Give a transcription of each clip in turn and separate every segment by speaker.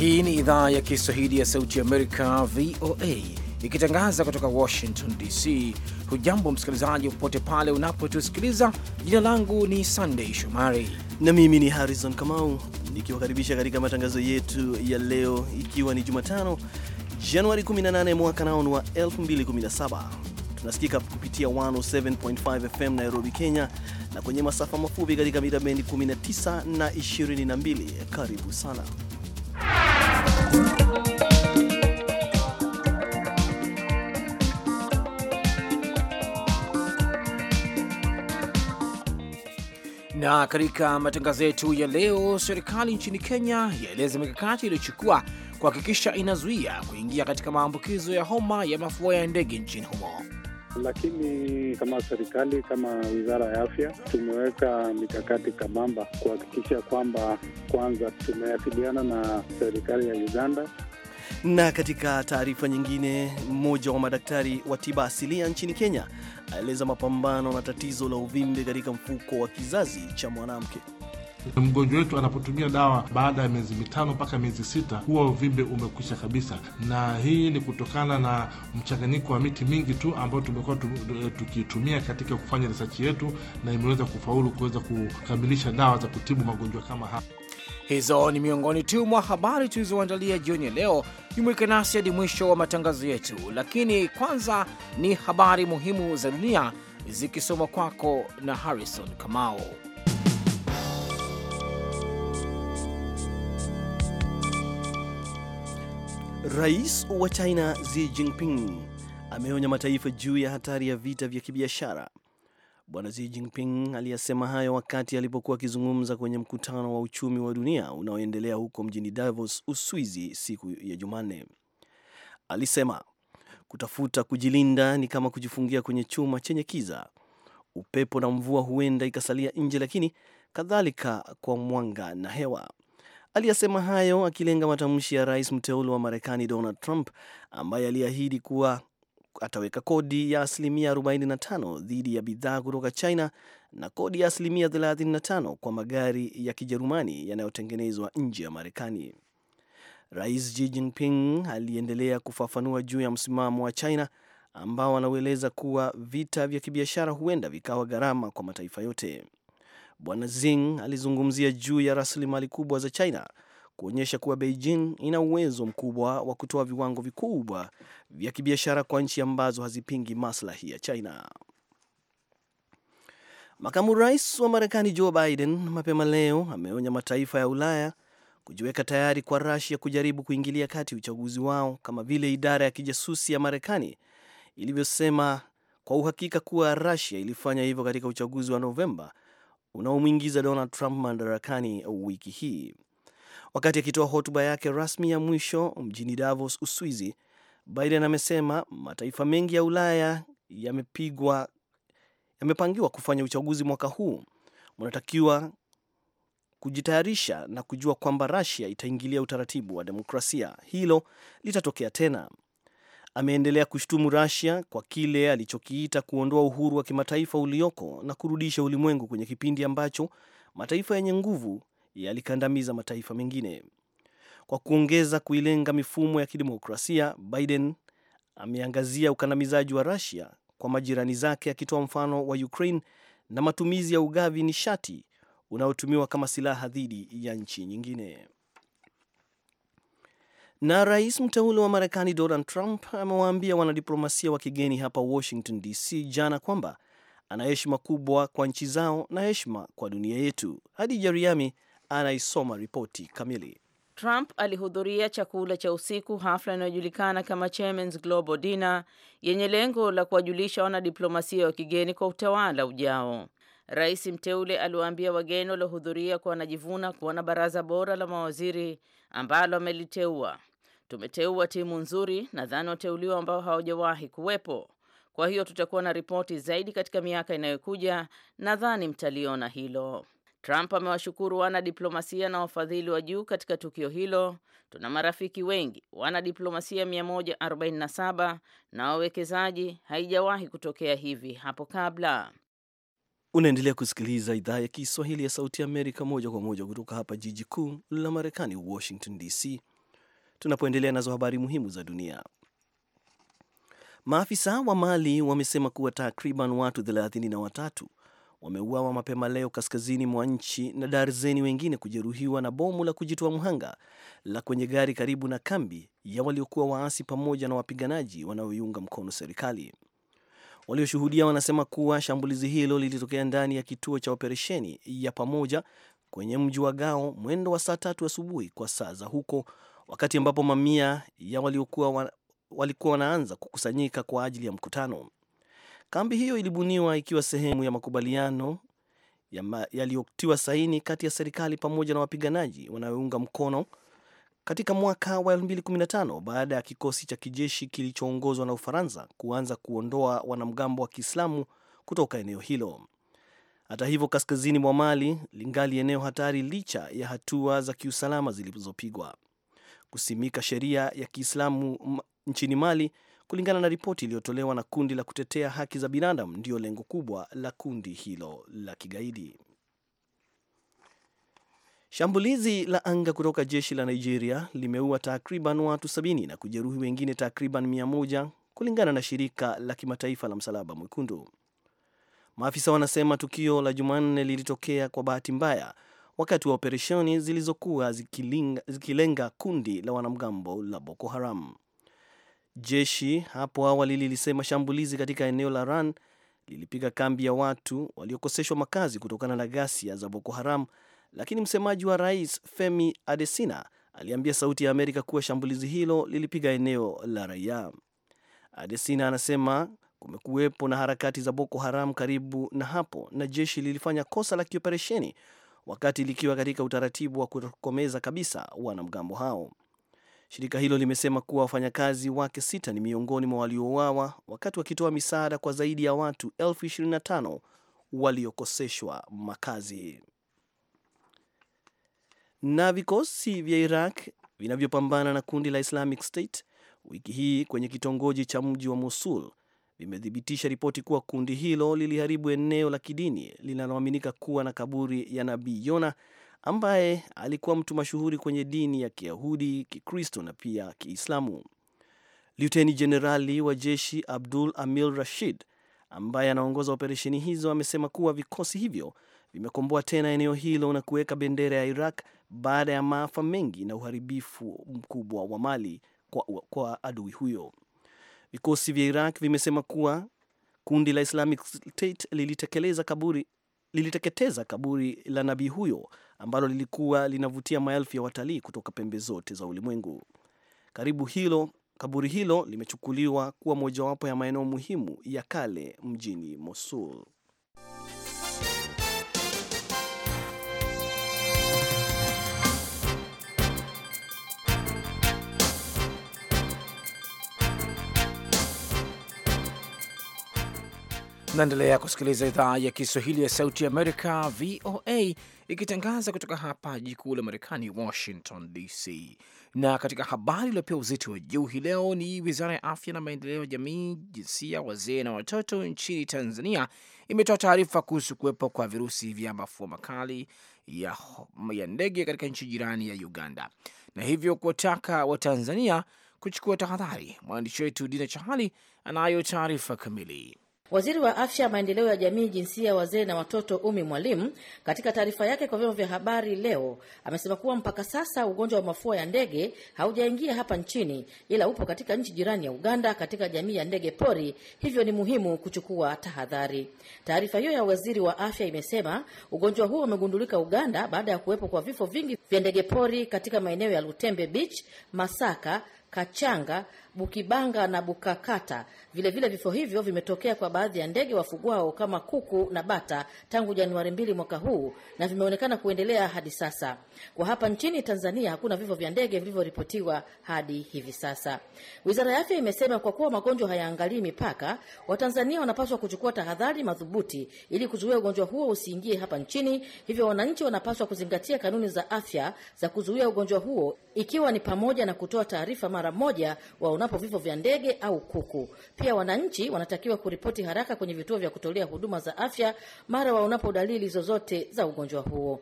Speaker 1: Hii ni idhaa ya Kiswahili ya Sauti ya Amerika, VOA, ikitangaza kutoka Washington DC. Hujambo msikilizaji, popote pale
Speaker 2: unapotusikiliza. Jina langu ni Sandei Shomari na mimi ni Harrison Kamau nikiwakaribisha katika matangazo yetu ya leo, ikiwa ni Jumatano Januari 18 mwaka naonu wa 2017. Tunasikika kupitia 107.5 FM Nairobi, Kenya, na kwenye masafa mafupi katika mita bendi 19 na 22. Karibu sana
Speaker 1: na katika matangazo yetu ya leo, serikali nchini Kenya yaeleza mikakati iliyochukua kuhakikisha inazuia kuingia katika maambukizo ya homa ya mafua ya ndege nchini humo
Speaker 3: lakini kama serikali, kama wizara ya afya, tumeweka mikakati kabamba kuhakikisha kwamba kwanza tumeasiliana na serikali ya Uganda.
Speaker 2: Na katika taarifa nyingine, mmoja wa madaktari wa tiba asilia nchini Kenya aeleza mapambano na tatizo la uvimbe katika mfuko wa kizazi cha mwanamke.
Speaker 4: Mgonjwa wetu anapotumia dawa baada ya miezi mitano mpaka miezi sita huwa uvimbe umekwisha kabisa, na hii ni kutokana na mchanganyiko wa miti mingi tu ambayo tumekuwa eh, tukiitumia katika kufanya risachi yetu na imeweza kufaulu kuweza kukamilisha dawa za kutibu magonjwa kama haya.
Speaker 1: Hizo ni miongoni tu mwa habari tulizoandalia jioni ya leo. Jumuika nasi hadi mwisho wa matangazo yetu, lakini kwanza ni habari muhimu za dunia zikisoma kwako na Harrison Kamao.
Speaker 2: Rais wa China Xi Jinping ameonya mataifa juu ya hatari ya vita vya kibiashara. Bwana Xi Jinping aliyasema hayo wakati alipokuwa akizungumza kwenye mkutano wa uchumi wa dunia unaoendelea huko mjini Davos, Uswizi, siku ya Jumanne. Alisema kutafuta kujilinda ni kama kujifungia kwenye chuma chenye kiza. Upepo na mvua huenda ikasalia nje, lakini kadhalika kwa mwanga na hewa. Aliyasema hayo akilenga matamshi ya rais mteule wa Marekani Donald Trump ambaye aliahidi kuwa ataweka kodi ya asilimia 45 dhidi ya bidhaa kutoka China na kodi ya asilimia 35 kwa magari ya Kijerumani yanayotengenezwa nje ya Marekani. Rais Xi Jinping aliendelea kufafanua juu ya msimamo wa China ambao anaueleza kuwa vita vya kibiashara huenda vikawa gharama kwa mataifa yote. Bwana Zing alizungumzia juu ya rasilimali kubwa za China kuonyesha kuwa Beijing ina uwezo mkubwa wa kutoa viwango vikubwa vya kibiashara kwa nchi ambazo hazipingi maslahi ya China. Makamu rais wa Marekani Joe Biden mapema leo ameonya mataifa ya Ulaya kujiweka tayari kwa Russia kujaribu kuingilia kati uchaguzi wao kama vile idara ya kijasusi ya Marekani ilivyosema kwa uhakika kuwa Russia ilifanya hivyo katika uchaguzi wa Novemba unaomwingiza Donald Trump madarakani wiki hii. Wakati akitoa hotuba yake rasmi ya mwisho mjini Davos, Uswizi, Biden amesema mataifa mengi ya Ulaya yamepigwa yamepangiwa kufanya uchaguzi mwaka huu, wanatakiwa kujitayarisha na kujua kwamba Russia itaingilia utaratibu wa demokrasia. Hilo litatokea tena ameendelea kushtumu Russia kwa kile alichokiita kuondoa uhuru wa kimataifa ulioko na kurudisha ulimwengu kwenye kipindi ambacho mataifa yenye nguvu yalikandamiza mataifa mengine. Kwa kuongeza kuilenga mifumo ya kidemokrasia, Biden ameangazia ukandamizaji wa Russia kwa majirani zake, akitoa mfano wa Ukraine na matumizi ya ugavi nishati unaotumiwa kama silaha dhidi ya nchi nyingine. Na rais mteule wa Marekani Donald Trump amewaambia wanadiplomasia wa kigeni hapa Washington DC jana kwamba ana heshima kubwa kwa nchi zao na heshima kwa dunia yetu. hadi jeriami anaisoma ripoti kamili.
Speaker 5: Trump alihudhuria chakula cha usiku, hafla inayojulikana kama Chairman's Global Dinner yenye lengo la kuwajulisha wanadiplomasia wa kigeni kwa utawala ujao. Rais mteule aliwaambia wageni waliohudhuria kuwa wanajivuna kuwa na baraza bora la mawaziri ambalo ameliteua. Tumeteua timu nzuri, nadhani wateuliwa ambao hawajawahi kuwepo. Kwa hiyo tutakuwa na ripoti zaidi katika miaka inayokuja, nadhani mtaliona hilo. Trump amewashukuru wana diplomasia na wafadhili wa juu katika tukio hilo. Tuna marafiki wengi, wana diplomasia 147 na wawekezaji, haijawahi kutokea hivi hapo kabla.
Speaker 2: Unaendelea kusikiliza idhaa ya Kiswahili ya Sauti Amerika moja kwa moja kutoka hapa jiji kuu la Marekani, Washington DC, tunapoendelea nazo habari muhimu za dunia. Maafisa wa Mali wamesema kuwa takriban watu thelathini na watatu wameuawa mapema leo kaskazini mwa nchi na darzeni wengine kujeruhiwa na bomu la kujitoa mhanga la kwenye gari karibu na kambi ya waliokuwa waasi pamoja na wapiganaji wanaoiunga mkono serikali. Walioshuhudia wanasema kuwa shambulizi hilo lilitokea ndani ya kituo cha operesheni ya pamoja kwenye mji wa Gao mwendo wa saa tatu asubuhi kwa saa za huko, wakati ambapo mamia ya waliokuwa wa, walikuwa wanaanza kukusanyika kwa ajili ya mkutano. Kambi hiyo ilibuniwa ikiwa sehemu ya makubaliano yaliyotiwa saini kati ya serikali pamoja na wapiganaji wanayounga mkono katika mwaka wa 2015 baada ya kikosi cha kijeshi kilichoongozwa na Ufaransa kuanza kuondoa wanamgambo wa Kiislamu kutoka eneo hilo. Hata hivyo, kaskazini mwa Mali lingali eneo hatari licha ya hatua za kiusalama zilizopigwa. Kusimika sheria ya Kiislamu nchini Mali, kulingana na ripoti iliyotolewa na kundi la kutetea haki za binadamu, ndiyo lengo kubwa la kundi hilo la kigaidi. Shambulizi la anga kutoka jeshi la Nigeria limeua takriban watu sabini na kujeruhi wengine takriban mia moja kulingana na shirika la kimataifa la Msalaba Mwekundu. Maafisa wanasema tukio la Jumanne lilitokea kwa bahati mbaya wakati wa operesheni zilizokuwa zikilenga, zikilenga kundi la wanamgambo la Boko Haram. Jeshi hapo awali lilisema shambulizi katika eneo la Ran lilipiga kambi ya watu waliokoseshwa makazi kutokana na ghasia za Boko Haram lakini msemaji wa rais Femi Adesina aliambia Sauti ya Amerika kuwa shambulizi hilo lilipiga eneo la raia. Adesina anasema kumekuwepo na harakati za Boko Haram karibu na hapo na jeshi lilifanya kosa la kioperesheni wakati likiwa katika utaratibu wa kutokomeza kabisa wanamgambo hao. Shirika hilo limesema kuwa wafanyakazi wake sita ni miongoni mwa waliouawa wakati wakitoa misaada kwa zaidi ya watu elfu 25 waliokoseshwa makazi na vikosi vya Iraq vinavyopambana na kundi la Islamic State wiki hii kwenye kitongoji cha mji wa Mosul vimethibitisha ripoti kuwa kundi hilo liliharibu eneo la kidini linaloaminika kuwa na kaburi ya Nabii Yona ambaye alikuwa mtu mashuhuri kwenye dini ya Kiyahudi, Kikristo na pia Kiislamu. Luteni Jenerali wa jeshi Abdul Amil Rashid ambaye anaongoza operesheni hizo amesema kuwa vikosi hivyo vimekomboa tena eneo hilo na kuweka bendera ya Iraq baada ya maafa mengi na uharibifu mkubwa wa mali kwa, kwa adui huyo. Vikosi vya Iraq vimesema kuwa kundi la Islamic State lilitekeleza kaburi liliteketeza kaburi la nabii huyo ambalo lilikuwa linavutia maelfu ya watalii kutoka pembe zote za ulimwengu. Karibu hilo kaburi hilo limechukuliwa kuwa mojawapo ya maeneo muhimu ya kale mjini Mosul.
Speaker 1: Naendelea kusikiliza idhaa ya Kiswahili ya Sauti Amerika, VOA, ikitangaza kutoka hapa jikuu la Marekani, Washington DC. Na katika habari iliyopewa uzito wa juu hii leo ni Wizara ya Afya na Maendeleo ya Jamii, Jinsia, Wazee na Watoto nchini Tanzania imetoa taarifa kuhusu kuwepo kwa virusi vya mafua makali ya, ya ndege katika nchi jirani ya Uganda, na hivyo kuwataka Watanzania kuchukua tahadhari. Mwandishi wetu Dina Chahali anayo taarifa kamili.
Speaker 5: Waziri wa Afya, Maendeleo ya Jamii, Jinsia, Wazee na Watoto, Umi Mwalimu, katika taarifa yake kwa vyombo vya habari leo amesema kuwa mpaka sasa ugonjwa wa mafua ya ndege haujaingia hapa nchini, ila upo katika nchi jirani ya Uganda katika jamii ya ndege pori, hivyo ni muhimu kuchukua tahadhari. Taarifa hiyo ya waziri wa afya imesema ugonjwa huo umegundulika Uganda baada ya kuwepo kwa vifo vingi vya ndege pori katika maeneo ya Lutembe Beach, Masaka, Kachanga Bukibanga na Bukakata. Vilevile vile vifo hivyo vimetokea kwa baadhi ya ndege wafugwao kama kuku na bata tangu Januari mbili mwaka huu na vimeonekana kuendelea hadi sasa. Kwa hapa nchini Tanzania hakuna vifo vya ndege vilivyoripotiwa hadi hivi sasa. Wizara ya Afya imesema kwa kuwa magonjwa hayaangalii mipaka, Watanzania wanapaswa kuchukua tahadhari madhubuti ili kuzuia ugonjwa huo usiingie hapa nchini. Hivyo wananchi wanapaswa kuzingatia kanuni za afya za kuzuia ugonjwa huo, ikiwa ni pamoja na kutoa taarifa mara moja wa iwapo vifo vya ndege au kuku. Pia wananchi wanatakiwa kuripoti haraka kwenye vituo vya kutolea huduma za afya mara waonapo dalili zozote za ugonjwa huo.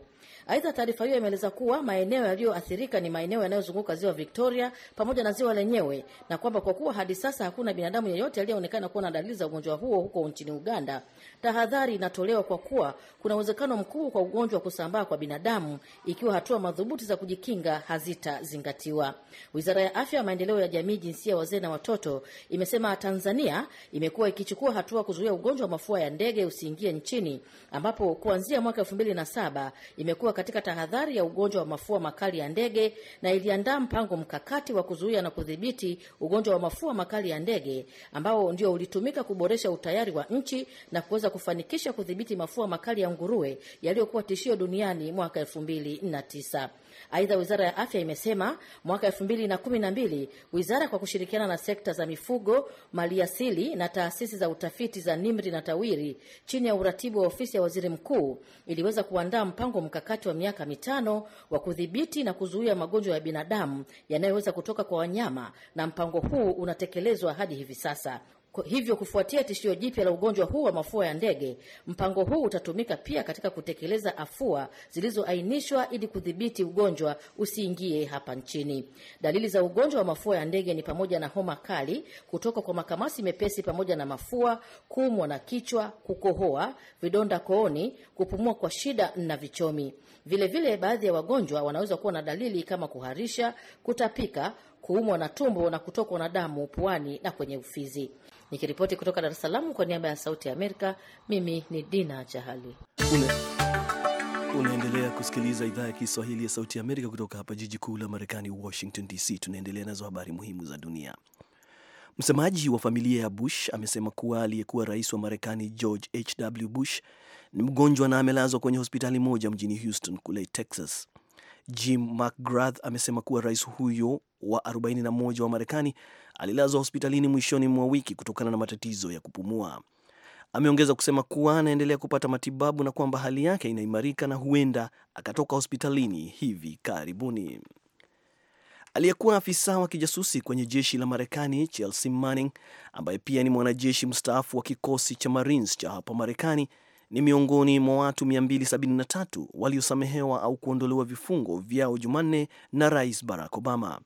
Speaker 5: Aidha, taarifa hiyo imeeleza kuwa maeneo yaliyoathirika ni maeneo yanayozunguka ziwa Victoria pamoja na ziwa lenyewe, na kwamba kwa kuwa hadi sasa hakuna binadamu yeyote aliyeonekana kuwa na dalili za ugonjwa huo huko nchini Uganda, tahadhari inatolewa kwa kuwa kuna uwezekano mkuu kwa ugonjwa wa kusambaa kwa binadamu ikiwa hatua madhubuti za kujikinga hazitazingatiwa. Wizara ya Afya, Maendeleo ya Jamii, Jinsia, Wazee na Watoto imesema Tanzania imekuwa ikichukua hatua kuzuia ugonjwa wa mafua ya ndege usiingie nchini, ambapo kuanzia mwaka elfu mbili na saba imekuwa katika tahadhari ya ugonjwa wa mafua makali ya ndege na iliandaa mpango mkakati wa kuzuia na kudhibiti ugonjwa wa mafua makali ya ndege ambao ndio ulitumika kuboresha utayari wa nchi na kuweza kufanikisha kudhibiti mafua makali ya nguruwe yaliyokuwa tishio duniani mwaka elfu mbili na tisa. Aidha, wizara ya afya imesema mwaka 212 wizara kwa kushirikiana na sekta za mifugo, maliasili na taasisi za utafiti za nimri na TAWIRI chini ya uratibu wa ofisi ya waziri mkuu iliweza kuandaa mpango mkakati wa miaka mitano wa kudhibiti na kuzuia magonjwa ya binadamu yanayoweza kutoka kwa wanyama, na mpango huu unatekelezwa hadi hivi sasa. Hivyo, kufuatia tishio jipya la ugonjwa huu wa mafua ya ndege, mpango huu utatumika pia katika kutekeleza afua zilizoainishwa ili kudhibiti ugonjwa usiingie hapa nchini. Dalili za ugonjwa wa mafua ya ndege ni pamoja na homa kali, kutoka kwa makamasi mepesi pamoja na mafua, kuumwa na kichwa, kukohoa, vidonda kooni, kupumua kwa shida na vichomi. Vilevile vile baadhi ya wagonjwa wanaweza kuwa na dalili kama kuharisha, kutapika, kuumwa na tumbo na kutokwa na damu puani na kwenye ufizi. Nikiripoti kutoka Dar es Salaam kwa niaba ya Sauti ya Amerika, mimi ni Dina Chahali.
Speaker 2: Unaendelea kusikiliza idhaa ya Kiswahili ya Sauti ya Amerika kutoka hapa jiji kuu la Marekani, Washington DC. Tunaendelea nazo habari muhimu za dunia. Msemaji wa familia ya Bush amesema kuwa aliyekuwa rais wa Marekani George hw Bush ni mgonjwa na amelazwa kwenye hospitali moja mjini Houston kule Texas. Jim McGrath amesema kuwa rais huyo wa 41 wa Marekani alilazwa hospitalini mwishoni mwa wiki kutokana na matatizo ya kupumua. Ameongeza kusema kuwa anaendelea kupata matibabu na kwamba hali yake inaimarika na huenda akatoka hospitalini hivi karibuni. Aliyekuwa afisa wa kijasusi kwenye jeshi la Marekani Chelsea Manning, ambaye pia ni mwanajeshi mstaafu wa kikosi cha Marines cha hapa Marekani ni miongoni mwa watu 273 waliosamehewa au kuondolewa vifungo vyao Jumanne na Rais Barack Obama.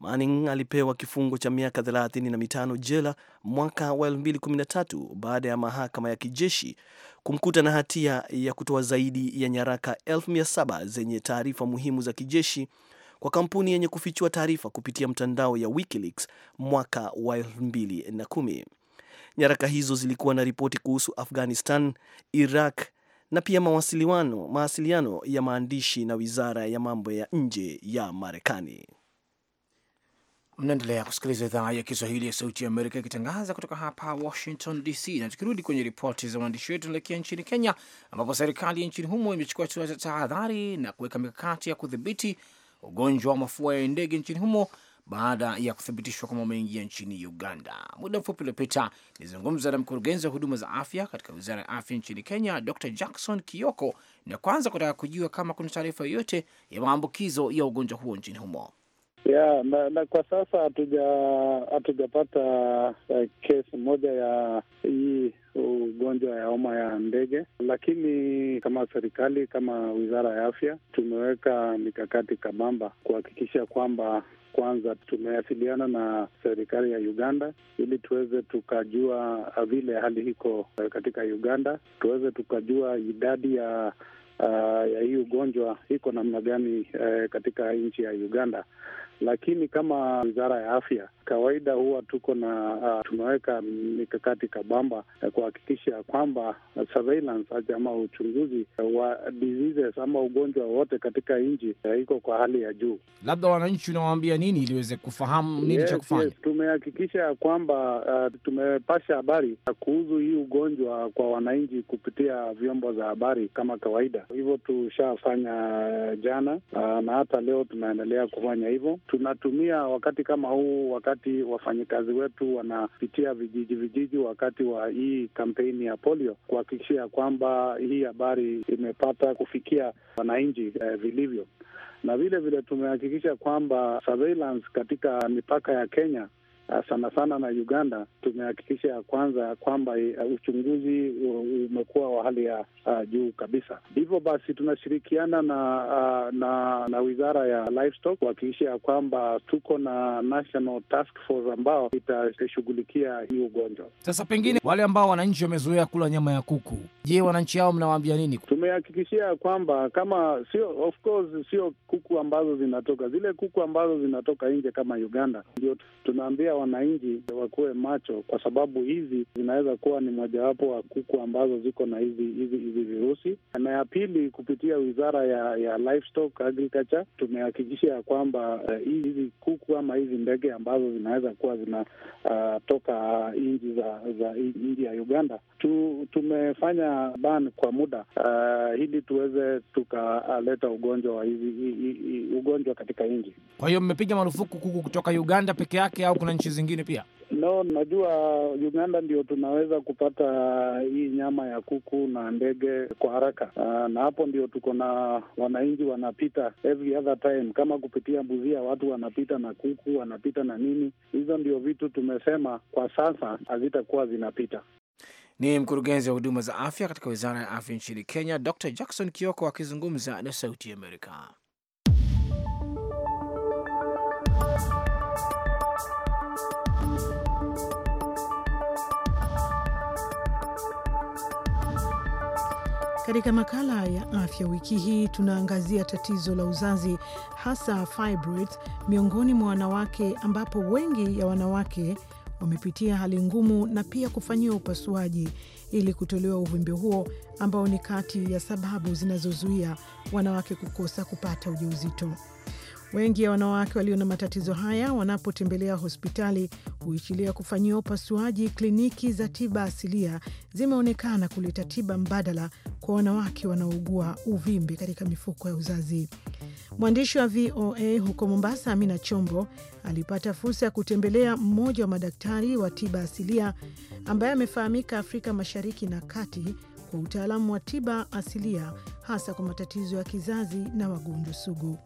Speaker 2: Manning alipewa kifungo cha miaka 35 jela mwaka wa 2013 baada ya mahakama ya kijeshi kumkuta na hatia ya kutoa zaidi ya nyaraka 1700 zenye taarifa muhimu za kijeshi kwa kampuni yenye kufichua taarifa kupitia mtandao ya WikiLeaks mwaka wa 2010. Nyaraka hizo zilikuwa na ripoti kuhusu Afghanistan, Iraq na pia mawasiliano, mawasiliano ya maandishi na wizara ya mambo ya nje ya Marekani. Mnaendelea kusikiliza idhaa ya Kiswahili ya Sauti ya
Speaker 1: Amerika ikitangaza kutoka hapa Washington DC. Na tukirudi kwenye ripoti za waandishi wetu, tunaelekea nchini Kenya ambapo serikali nchini humo imechukua hatua za tahadhari na kuweka mikakati ya kudhibiti ugonjwa wa mafua ya ndege nchini humo baada ya kuthibitishwa kwamba wameingia nchini Uganda. Muda mfupi uliopita nilizungumza na mkurugenzi wa huduma za afya katika wizara ya afya nchini Kenya, Dr Jackson Kioko, na kwanza kutaka kujua kama kuna taarifa yoyote ya maambukizo ya ugonjwa huo nchini humo.
Speaker 3: Yeah, na, na kwa sasa hatujapata uh, eh, kesi moja ya hii ugonjwa ya homa ya ndege, lakini kama serikali, kama wizara ya afya, tumeweka mikakati kabamba kuhakikisha kwamba kwanza tumewasiliana na serikali ya Uganda ili tuweze tukajua vile hali iko eh, katika Uganda, tuweze tukajua idadi ya uh, ya hii ugonjwa iko namna gani uh, katika nchi ya Uganda lakini kama wizara ya afya kawaida huwa tuko na uh, tumeweka mikakati kabamba ya kuhakikisha kwamba surveillance ama uchunguzi uh, wa diseases ama ugonjwa wowote katika nchi uh, iko kwa hali ya juu.
Speaker 1: Labda wananchi unawaambia nini iliweze kufahamu nini yes, cha kufanya? Yes,
Speaker 3: tumehakikisha kwamba uh, tumepasha habari kuhusu hii ugonjwa kwa wananchi kupitia vyombo za habari kama kawaida. Hivyo tushafanya ah, jana uh, na hata leo tunaendelea kufanya hivyo tunatumia wakati kama huu, wakati wafanyakazi wetu wanapitia vijiji vijiji, wakati wa hii kampeni ya polio, kuhakikishia kwamba hii habari imepata kufikia wananchi eh, vilivyo, na vile vile tumehakikisha kwamba surveillance katika mipaka ya Kenya Ah, sana sana na Uganda, tumehakikisha ya kwanza kwamba eh, uchunguzi umekuwa wa hali ya uh, juu kabisa. Hivyo basi tunashirikiana na, uh, na na wizara ya livestock kuhakikisha ya kwamba tuko na national task force ambao itashughulikia hii ugonjwa.
Speaker 1: Sasa pengine wale ambao wananchi wamezoea kula nyama ya kuku, je, wananchi hao mnawaambia nini?
Speaker 3: Tumehakikishia ya kwamba kama sio, of course sio kuku ambazo zinatoka zile kuku ambazo zinatoka nje kama Uganda, ndio tunaambia wananchi wakuwe macho, kwa sababu hizi zinaweza kuwa ni mojawapo wa kuku ambazo ziko na hizi hizi hizi virusi. Na ya pili, kupitia wizara ya ya livestock agriculture tumehakikisha ya kwamba uh, hizi kuku ama hizi ndege ambazo zinaweza kuwa zinatoka ah, uh, ah, nchi za za nchi ya Uganda tu, tumefanya ban kwa muda uh, ili tuweze tukaleta ugonjwa wa hizi ugonjwa katika nchi.
Speaker 1: Kwa hiyo mmepiga marufuku kuku kutoka Uganda peke yake au kuna nchi zingine pia?
Speaker 3: No, najua Uganda ndio tunaweza kupata hii nyama ya kuku na ndege kwa haraka. Uh, na hapo ndio tuko na wananchi wanapita every other time, kama kupitia Mbuzia watu wanapita na kuku wanapita na nini. Hizo ndio vitu tumesema kwa sasa hazitakuwa zinapita.
Speaker 1: Ni mkurugenzi wa huduma za afya katika wizara ya afya nchini Kenya, Dr Jackson Kioko akizungumza na Sauti ya Amerika.
Speaker 6: Katika makala ya afya wiki hii tunaangazia tatizo la uzazi hasa fibroids miongoni mwa wanawake, ambapo wengi ya wanawake wamepitia hali ngumu na pia kufanyiwa upasuaji ili kutolewa uvimbe huo ambao ni kati ya sababu zinazozuia wanawake kukosa kupata ujauzito. Wengi ya wanawake walio na matatizo haya wanapotembelea hospitali huichilia kufanyiwa upasuaji. Kliniki za tiba asilia zimeonekana kuleta tiba mbadala kwa wanawake wanaougua uvimbe katika mifuko ya uzazi. Mwandishi wa VOA huko Mombasa, Amina Chombo, alipata fursa ya kutembelea mmoja wa madaktari wa tiba asilia ambaye amefahamika Afrika Mashariki na Kati kwa utaalamu wa tiba asilia hasa kwa matatizo ya kizazi na wagonjwa sugu.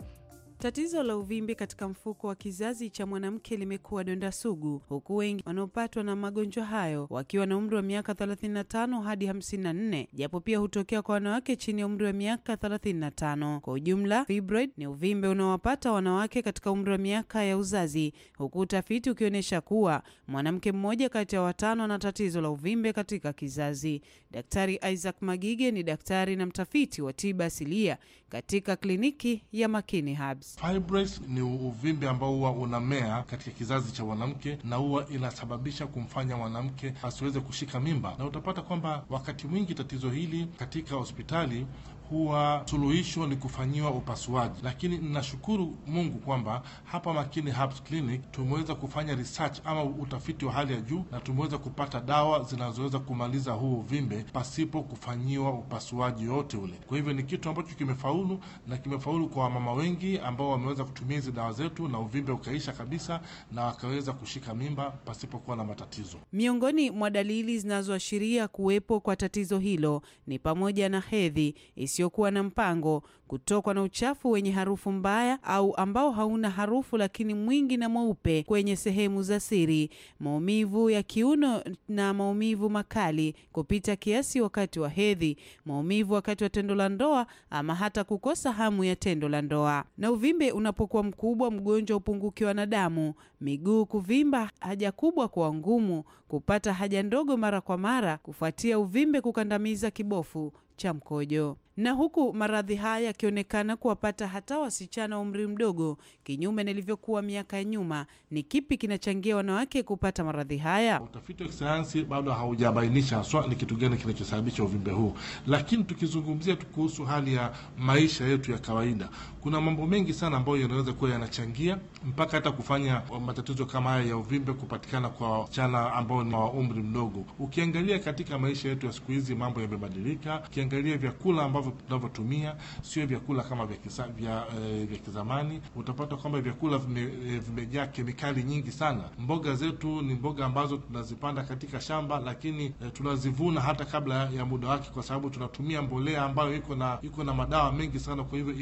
Speaker 7: Tatizo la uvimbe katika mfuko wa kizazi cha mwanamke limekuwa donda sugu, huku wengi wanaopatwa na magonjwa hayo wakiwa na umri wa miaka 35 hadi 54, japo pia hutokea kwa wanawake chini ya umri wa miaka 35. Kwa ujumla, fibroid ni uvimbe unaowapata wanawake katika umri wa miaka ya uzazi, huku utafiti ukionyesha kuwa mwanamke mmoja kati ya watano ana tatizo la uvimbe katika kizazi. Daktari Isaac Magige ni daktari na mtafiti wa tiba asilia katika kliniki ya Makini Herbs
Speaker 4: fibroids. Fibroids ni uvimbe ambao huwa unamea katika kizazi cha mwanamke na huwa inasababisha kumfanya mwanamke asiweze kushika mimba, na utapata kwamba wakati mwingi tatizo hili katika hospitali huwa suluhisho ni kufanyiwa upasuaji, lakini ninashukuru Mungu kwamba hapa Makini Herbs Clinic tumeweza kufanya research ama utafiti wa hali ya juu na tumeweza kupata dawa zinazoweza kumaliza huo uvimbe pasipo kufanyiwa upasuaji yote ule. Kwa hivyo ni kitu ambacho kimefaulu na kimefaulu kwa wamama wengi ambao wameweza kutumia hizi dawa zetu na uvimbe ukaisha kabisa na wakaweza kushika mimba pasipokuwa na matatizo.
Speaker 7: Miongoni mwa dalili zinazoashiria kuwepo kwa tatizo hilo ni pamoja na hedhi isiyokuwa na mpango, kutokwa na uchafu wenye harufu mbaya au ambao hauna harufu lakini mwingi na mweupe kwenye sehemu za siri, maumivu ya kiuno na maumivu makali kupita kiasi wakati wa hedhi, maumivu wakati wa tendo la ndoa ama hata kukosa hamu ya tendo la ndoa. Na uvimbe unapokuwa mkubwa, mgonjwa upungukiwa na damu, miguu kuvimba, haja kubwa kwa ngumu, kupata haja ndogo mara kwa mara kufuatia uvimbe kukandamiza kibofu cha mkojo. Na huku maradhi haya yakionekana kuwapata hata wasichana wa umri mdogo, kinyume nilivyokuwa miaka ya nyuma, ni kipi kinachangia wanawake kupata maradhi haya?
Speaker 4: Utafiti wa kisayansi bado haujabainisha haswa ni kitu gani kinachosababisha uvimbe huu, lakini tukizungumzia tu kuhusu hali ya maisha yetu ya kawaida, kuna mambo mengi sana ambayo yanaweza kuwa yanachangia mpaka hata kufanya matatizo kama haya ya uvimbe kupatikana kwa wasichana ambao ni wa umri mdogo. Ukiangalia katika maisha yetu ya siku hizi, mambo yamebadilika. Ukiangalia vyakula ambavyo tunavyotumia sio vyakula kama vya kisa, vya, e, vya kizamani. Utapata kwamba vyakula eh, vimejaa e, kemikali nyingi sana. Mboga zetu ni mboga ambazo tunazipanda katika shamba, lakini e, tunazivuna hata kabla ya muda wake, kwa sababu tunatumia mbolea ambayo iko na iko na madawa mengi sana, kwa hivyo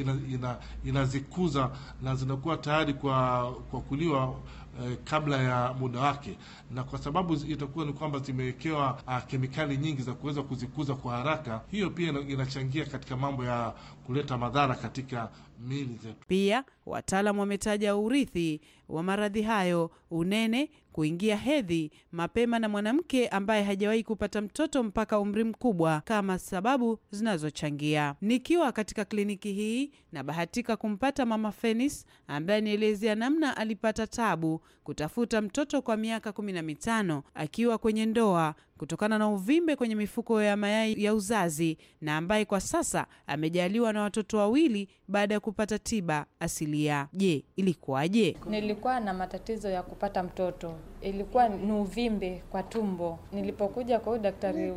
Speaker 4: inazikuza ina, ina na zinakuwa tayari kwa, kwa kuliwa eh, kabla ya muda wake, na kwa sababu itakuwa ni kwamba zimewekewa ah, kemikali nyingi za kuweza kuzikuza kwa haraka, hiyo pia inachangia katika mambo ya kuleta madhara katika miili zetu.
Speaker 7: Pia wataalamu wametaja urithi wa maradhi hayo, unene kuingia hedhi mapema na mwanamke ambaye hajawahi kupata mtoto mpaka umri mkubwa kama sababu zinazochangia. Nikiwa katika kliniki hii nabahatika kumpata mama Fenis ambaye anielezea namna alipata tabu kutafuta mtoto kwa miaka kumi na mitano akiwa kwenye ndoa kutokana na uvimbe kwenye mifuko ya mayai ya uzazi na ambaye kwa sasa amejaliwa na watoto wawili baada ya kupata tiba asilia. Je, ilikuwaje? Nilikuwa
Speaker 8: na matatizo ya kupata mtoto ilikuwa ni uvimbe kwa tumbo. Nilipokuja kwa huyu daktari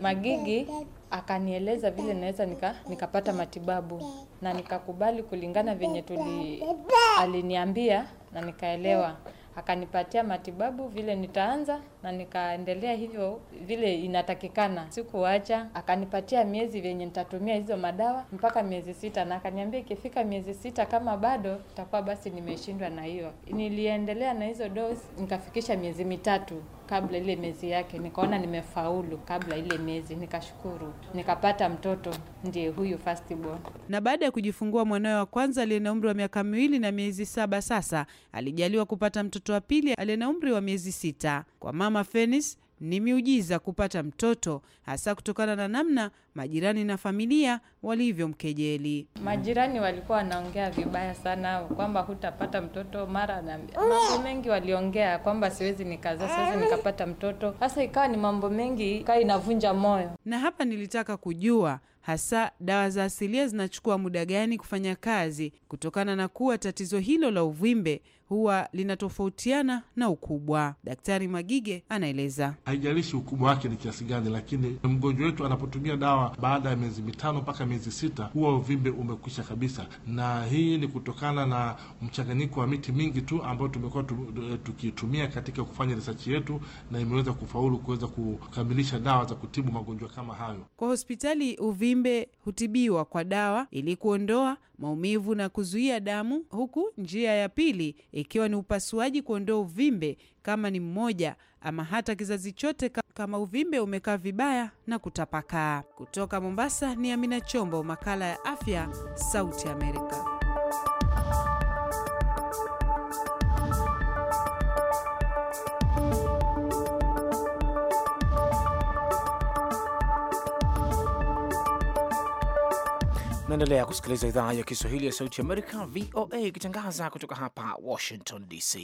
Speaker 8: Magigi akanieleza vile naweza nika, nikapata matibabu na nikakubali kulingana venye tuli aliniambia na nikaelewa akanipatia matibabu vile nitaanza, na nikaendelea hivyo vile inatakikana, sikuacha. Akanipatia miezi vyenye nitatumia hizo madawa mpaka miezi sita, na akaniambia ikifika miezi sita kama bado takuwa basi nimeshindwa na hiyo. Niliendelea na hizo dozi nikafikisha miezi mitatu kabla ile miezi yake, nikaona nimefaulu kabla ile miezi, nikashukuru, nikapata mtoto ndiye huyu first born.
Speaker 7: Na baada ya kujifungua mwanawe wa kwanza aliye na umri wa miaka miwili na miezi saba sasa, alijaliwa kupata mtoto wa pili aliye na umri wa miezi sita. Kwa mama Fenis ni miujiza kupata mtoto, hasa kutokana na namna majirani na familia walivyomkejeli.
Speaker 8: Majirani walikuwa wanaongea vibaya sana kwamba hutapata mtoto, mara na mambo mengi waliongea kwamba siwezi nikaza
Speaker 7: siwezi nikapata mtoto. Sasa ikawa ni mambo mengi, ikawa inavunja moyo. Na hapa nilitaka kujua hasa dawa za asilia zinachukua muda gani kufanya kazi, kutokana na kuwa tatizo hilo la uvimbe huwa linatofautiana na ukubwa. Daktari Magige anaeleza,
Speaker 4: haijalishi ukubwa wake ni kiasi gani, lakini mgonjwa wetu anapotumia dawa baada ya miezi mitano mpaka miezi sita huwa uvimbe umekwisha kabisa, na hii ni kutokana na mchanganyiko wa miti mingi tu ambayo tumekuwa eh, tukiitumia katika kufanya risachi yetu, na imeweza kufaulu kuweza kukamilisha dawa za kutibu magonjwa kama hayo
Speaker 7: kwa hospitali uvimbe Uvimbe hutibiwa kwa dawa ili kuondoa maumivu na kuzuia damu, huku njia ya pili ikiwa ni upasuaji kuondoa uvimbe kama ni mmoja ama hata kizazi chote kama uvimbe umekaa vibaya na kutapakaa. Kutoka Mombasa ni Amina Chombo, makala ya afya, Sauti Amerika.
Speaker 1: Unaendelea kusikiliza idhaa ya Kiswahili ya Sauti Amerika, VOA, ikitangaza kutoka hapa Washington DC.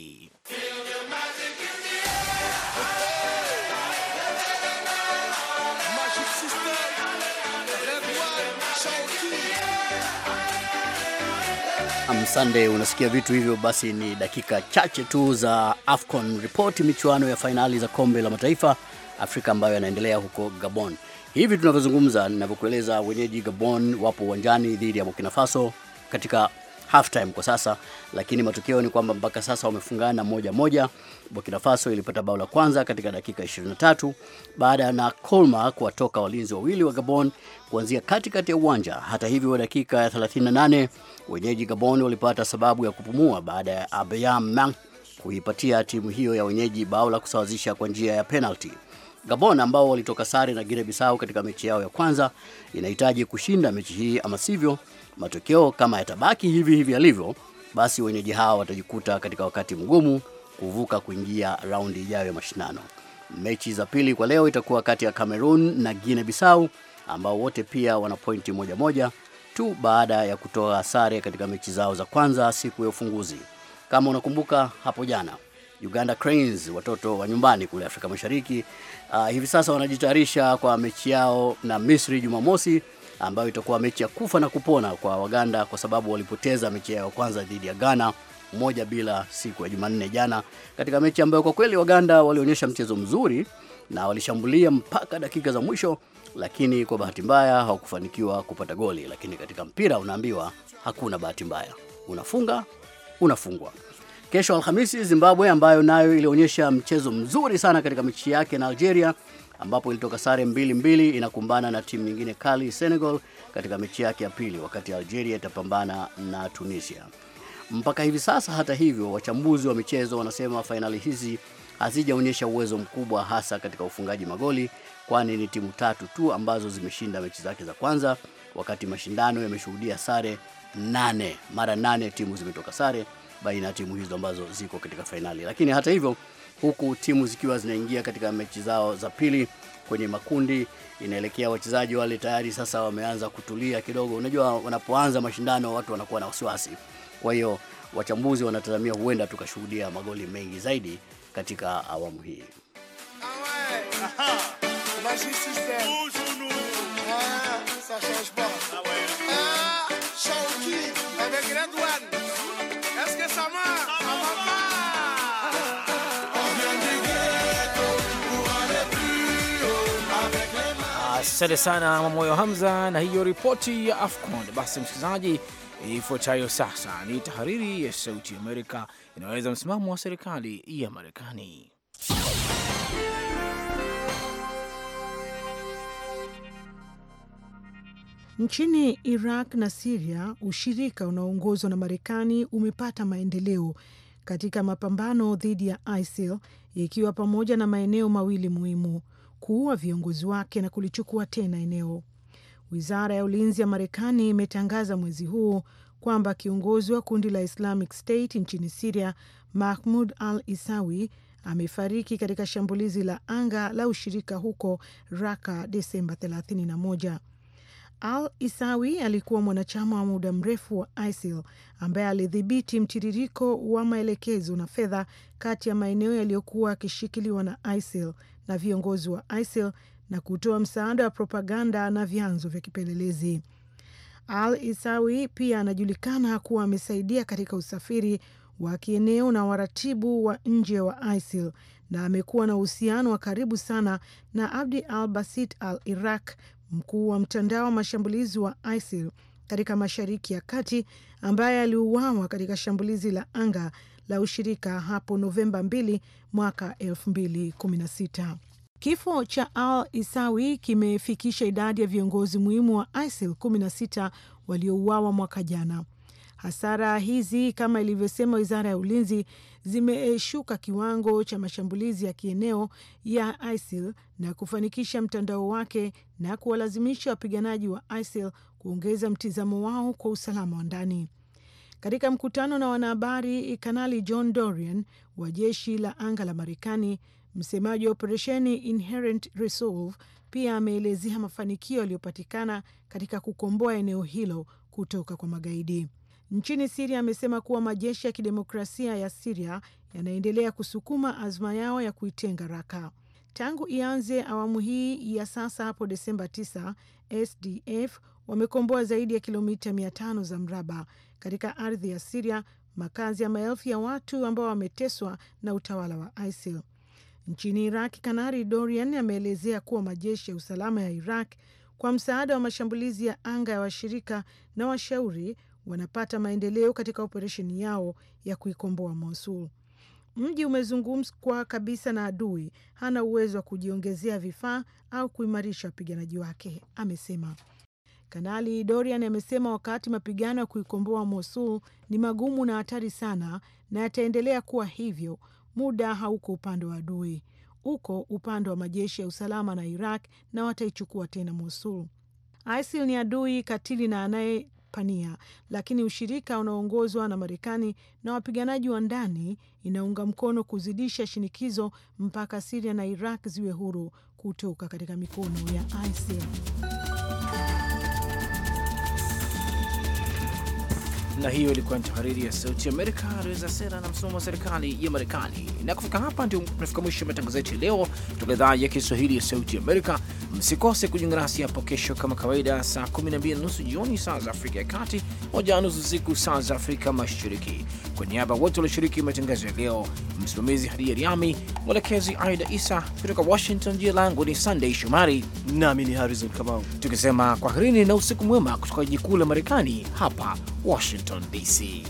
Speaker 9: Msande, unasikia vitu hivyo. Basi ni dakika chache tu za AFCON report, michuano ya fainali za kombe la mataifa Afrika ambayo yanaendelea huko Gabon. Hivi tunavyozungumza ninavyokueleza, wenyeji Gabon wapo uwanjani dhidi ya Burkina Faso katika half time kwa sasa, lakini matokeo ni kwamba mpaka sasa wamefungana moja moja. Burkina Faso ilipata bao la kwanza katika dakika 23 baada na Colmar kuwatoka walinzi wawili wa Gabon kuanzia katikati ya uwanja. Hata hivyo, dakika ya 38 wenyeji Gabon walipata sababu ya kupumua baada ya Mang kuipatia timu hiyo ya wenyeji bao la kusawazisha kwa njia ya penalty. Gabon ambao walitoka sare na Guinea Bissau katika mechi yao ya kwanza inahitaji kushinda mechi hii, ama sivyo matokeo kama yatabaki hivi hivi yalivyo, basi wenyeji hao watajikuta katika wakati mgumu kuvuka kuingia raundi ijayo ya mashindano. Mechi za pili kwa leo itakuwa kati ya Cameroon na Guinea Bissau ambao wote pia wana pointi moja moja tu baada ya kutoa sare katika mechi zao za kwanza siku ya ufunguzi. Kama unakumbuka hapo jana Uganda Cranes, watoto wa nyumbani kule Afrika Mashariki, uh, hivi sasa wanajitayarisha kwa mechi yao na Misri Jumamosi, ambayo itakuwa mechi ya kufa na kupona kwa Waganda kwa sababu walipoteza mechi yao kwanza dhidi ya Ghana moja bila siku ya Jumanne jana, katika mechi ambayo kwa kweli Waganda walionyesha mchezo mzuri na walishambulia mpaka dakika za mwisho, lakini kwa bahati mbaya hawakufanikiwa kupata goli. Lakini katika mpira unaambiwa hakuna bahati mbaya, unafunga unafungwa. Kesho Alhamisi, Zimbabwe ambayo nayo ilionyesha mchezo mzuri sana katika mechi yake na Algeria ambapo ilitoka sare mbili mbili, inakumbana na timu nyingine kali Senegal katika mechi yake ya pili, wakati Algeria itapambana na Tunisia. Mpaka hivi sasa, hata hivyo, wachambuzi wa michezo wanasema fainali hizi hazijaonyesha uwezo mkubwa hasa katika ufungaji magoli, kwani ni timu tatu tu ambazo zimeshinda mechi zake za kwanza, wakati mashindano yameshuhudia sare nane. Mara nane timu zimetoka sare baina ya timu hizo ambazo ziko katika fainali. Lakini hata hivyo, huku timu zikiwa zinaingia katika mechi zao za pili kwenye makundi, inaelekea wachezaji wale tayari sasa wameanza kutulia kidogo. Unajua, wanapoanza mashindano watu wanakuwa na wasiwasi, kwa hiyo wachambuzi wanatazamia huenda tukashuhudia magoli mengi zaidi katika awamu hii.
Speaker 1: Asante sana Mwamoyo Hamza na hiyo ripoti ya AFCON. Basi msikilizaji, ifuatayo sasa ni tahariri ya Sauti ya Amerika inayoeleza msimamo wa serikali ya Marekani.
Speaker 6: Nchini Iraq na Siria, ushirika unaoongozwa na Marekani umepata maendeleo katika mapambano dhidi ya ISIL, ikiwa pamoja na maeneo mawili muhimu kuua viongozi wake na kulichukua tena eneo. Wizara ya ulinzi ya Marekani imetangaza mwezi huu kwamba kiongozi wa kundi la Islamic State nchini Siria, Mahmud al Isawi, amefariki katika shambulizi la anga la ushirika huko Raka Desemba 31. Al Isawi alikuwa mwanachama wa muda mrefu wa ISIL ambaye alidhibiti mtiririko wa maelekezo na fedha kati ya maeneo yaliyokuwa yakishikiliwa na ISIL na viongozi wa ISIL na kutoa msaada wa propaganda na vyanzo vya kipelelezi. Al Isawi pia anajulikana kuwa amesaidia katika usafiri wa kieneo na waratibu wa nje wa ISIL na amekuwa na uhusiano wa karibu sana na Abdi al Basit al Iraq, mkuu wa mtandao wa mashambulizi wa ISIL katika Mashariki ya Kati ambaye aliuawa katika shambulizi la anga la ushirika hapo Novemba 2 mwaka 2016. Kifo cha Al Isawi kimefikisha idadi ya viongozi muhimu wa ISIL 16 waliouawa mwaka jana. Hasara hizi kama ilivyosema wizara ya ulinzi, zimeshuka kiwango cha mashambulizi ya kieneo ya ISIL na kufanikisha mtandao wake na kuwalazimisha wapiganaji wa ISIL kuongeza mtizamo wao kwa usalama wa ndani. Katika mkutano na wanahabari, Kanali John Dorian wa jeshi la anga la Marekani, msemaji wa operesheni Inherent Resolve, pia ameelezea mafanikio yaliyopatikana katika kukomboa eneo hilo kutoka kwa magaidi. Nchini Siria amesema kuwa majeshi ya kidemokrasia ya Siria yanaendelea kusukuma azma yao ya kuitenga Raka tangu ianze awamu hii ya sasa hapo Desemba 9. SDF wamekomboa zaidi ya kilomita mia tano za mraba katika ardhi ya Siria, makazi ya maelfu ya watu ambao wameteswa na utawala wa ISIL. Nchini Iraq, Kanari Dorian ameelezea kuwa majeshi ya usalama ya Iraq kwa msaada wa mashambulizi ya anga ya washirika na washauri wanapata maendeleo katika operesheni yao ya kuikomboa Mosul. Mji umezungumzwa kabisa na adui, hana uwezo wa kujiongezea vifaa au kuimarisha wapiganaji wake, amesema. Kanali Dorian amesema wakati mapigano ya kuikomboa Mosul ni magumu na hatari sana, na yataendelea kuwa hivyo, muda hauko upande wa adui, uko upande wa majeshi ya usalama na Iraq, na wataichukua tena Mosul. ISIL ni adui katili na anayepania, lakini ushirika unaoongozwa na Marekani na wapiganaji wa ndani inaunga mkono kuzidisha shinikizo mpaka Siria na Iraq ziwe huru kutoka katika mikono ya ISIL.
Speaker 1: na hiyo ilikuwa ni tahariri ya Sauti Amerika aliweza sera na msimamo wa serikali ya Marekani. Na kufika hapa ndio tunafika mwisho wa matangazo yetu ya leo kutoka idhaa ya Kiswahili ya Sauti Amerika. Msikose kujiunga nasi hapo kesho kama kawaida, saa 12 na nusu jioni saa za Afrika ya Kati, moja na nusu usiku saa za Afrika Mashariki. Kwa niaba ya wote walioshiriki matangazo ya leo, msimamizi Hadia Riami, mwelekezi Aida Isa kutoka Washington. Jina langu ni sandey Shomari nami ni Harrison Kamau, tukisema kwaherini na usiku mwema kutoka jiji kuu la Marekani, hapa Washington DC.